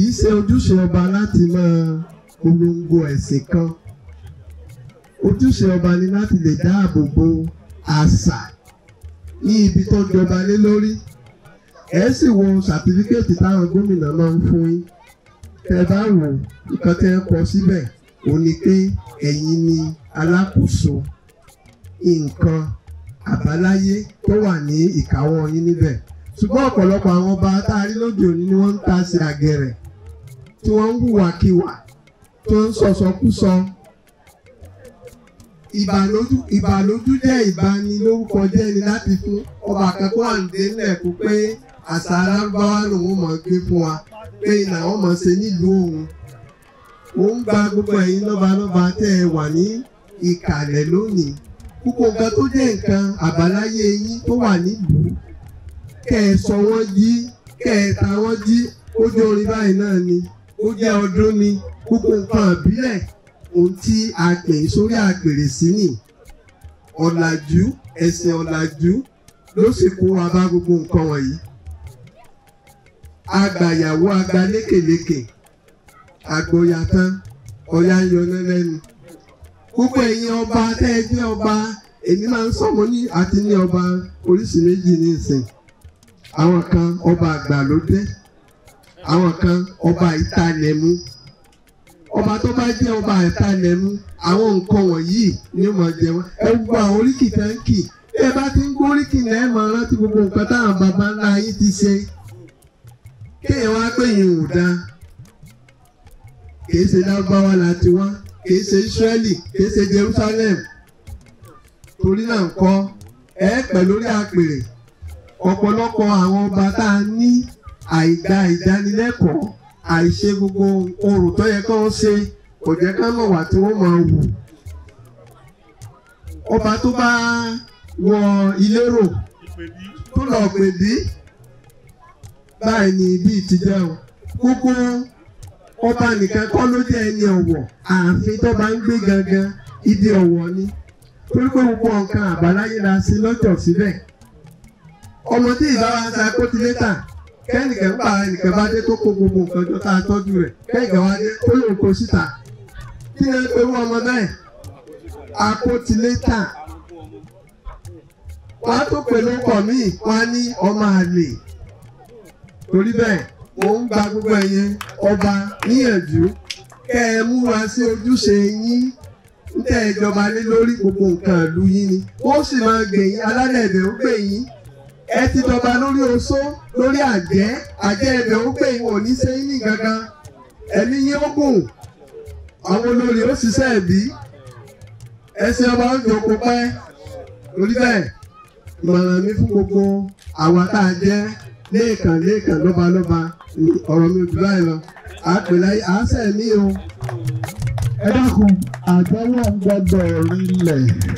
kì í ṣe ojúṣe ọba láti máa polongo ẹ̀sìn kan ojúṣe ọba ni láti lè dáàbò bo àṣà ní ibi tó jọba lé lórí ẹ sì wo sàtífíkẹ́ẹ̀tì táwọn gómìnà máa ń fún yín tẹ bá wò nǹkan tẹ kọ síbẹ̀ ò ní pé ẹ̀yin ni alákòóso nǹkan àbáláyé tó wà ní ìkáwọ́ yín níbẹ̀ ṣùgbọ́n ọ̀pọ̀lọpọ̀ àwọn ọba tá a rí lóde òní ni wọ́n ń ta àgẹ̀rẹ̀ tí wọ́n ń hùwàkiwà tó ń sọ̀sọ̀kúsọ. ìbàlójú jẹ́ ìbanilórúkọ jẹ́ ni láti fún ọba àkẹ́kọ̀ọ́ àǹdẹ́lẹ̀ kó pé àṣà arábáwá lòun mọ̀ gbé fún wa pé làwọn mọ̀ ṣe nílùú òun. òun gba gbogbo ẹ̀yin lọ́balọ́ba tẹ́ ẹ wà ní ìkàlẹ̀ lónìí gbogbo nǹkan tó jẹ́ nǹkan àbáláyé yín tó wà nílùú kẹ́ ẹ sọ wọ́n jí kẹ́ ẹ ta wọ́n jí ó jẹ́ orin báyìí náà ni ó jẹ́ ọdún ni gbogbo nǹkan ìbílẹ̀ ohun tí a pè sórí àgbèrè sí ni ọ̀làjú ẹ̀sìn ọ̀làjú ló sì kó wa bá gbogbo nǹkan wọ̀nyí agbàyàwó agba lékèlékè àgbòyà tán ọ̀yà ń yọ lẹ́lẹ́nu gbogbo ẹ̀yin ọba tẹ́ ẹ jẹ́ ọba èmi máa ń sọ̀mọ́ ní àti ní ọba oríṣi méjì ní ìsìn àwọn kan ọba àgbà ló dé àwọn kan ọba ìtanẹ̀mú ọba tó bá jẹ́ ọba ìtanẹ̀mú àwọn nǹkan wọ̀nyí ni ó máa jẹ wọ́n ẹ gbogbo àwọn oríkì táǹkì ẹ bá ti ń gbóríkì náà ẹ máa rántí gbogbo nǹkan táwọn baba ńlá yín ti ṣe kéèyàn wá pé yìí ò dáa kìí ṣe lágbáwá láti wá kìí ṣe Ísírẹ́lì kìí ṣe Jerusalem torí náà kọ́ ẹ pẹ̀ lórí àpèrè ọ̀pọ̀lọpọ̀ àwọn ọba tá a ní àìdá ìdánilẹ́kọ̀ọ́ àìṣe gbogbo orò tó yẹ kí wọ́n ṣe kò jẹ́ ká mọ̀ wá tí wọ́n máa wù. ọba tó bá wọ ilé rò tó lọ pèdí báyìí ni ibi ìtìjẹ́ o gbogbo ọba nìkan kọ́ ló jẹ́ ẹni ọ̀wọ̀ ààfin tó bá ń gbé gangan ìdí ọ̀wọ̀ ni torí pé gbogbo nǹkan àbáláyé la sí lọ́jọ́ síbẹ̀ ọmọdé ìbára ta kó ti lé tà kẹ́nìkan bá ẹnìkan bá dé tó kó gbogbo nǹkan jọ tá a tọ́jú rẹ̀ kẹ́nìkan wá dé tó lè kó síta kí ni ewu ọmọ bẹ́ẹ̀ akótilétà wọ́n á tó pẹ̀lú ọkọ̀ míì wọ́n á ní ọmọ àlè torí bẹ́ẹ̀ mo ń gba gbogbo ẹ̀yin ọba níyànjú kẹ́ ẹ múra sí ojúṣe yín ń tẹ́ ìjọba lé lórí gbogbo nǹkan ìlú yín ni wọ́n sì máa gbẹ̀yìn alálẹ̀ ẹ̀bẹ̀ ń gbẹ̀yìn ẹ ti jọba lórí oṣó lórí àjẹ́ àjẹ́ ẹbẹ̀ ó gbé ìwọ̀n ní sẹ́yìn ní gangan ẹni yín ó gùn àwọn olórí ó ṣiṣẹ́ ẹ̀bí ẹsẹ̀ ọba ó jókòó pẹ́ lórí bẹ́ẹ̀ ìmọ̀ràn mi fún gbogbo àwa tá a jẹ́ lẹ́ẹ̀kan lẹ́ẹ̀kan lọ́ba lọ́ba ọ̀rọ̀ mi ò báyìí lọ àpè láyé àásẹ̀ mi o. ẹ dákun àjọwọ́ ń gbọ́dọ̀ rí ilẹ̀.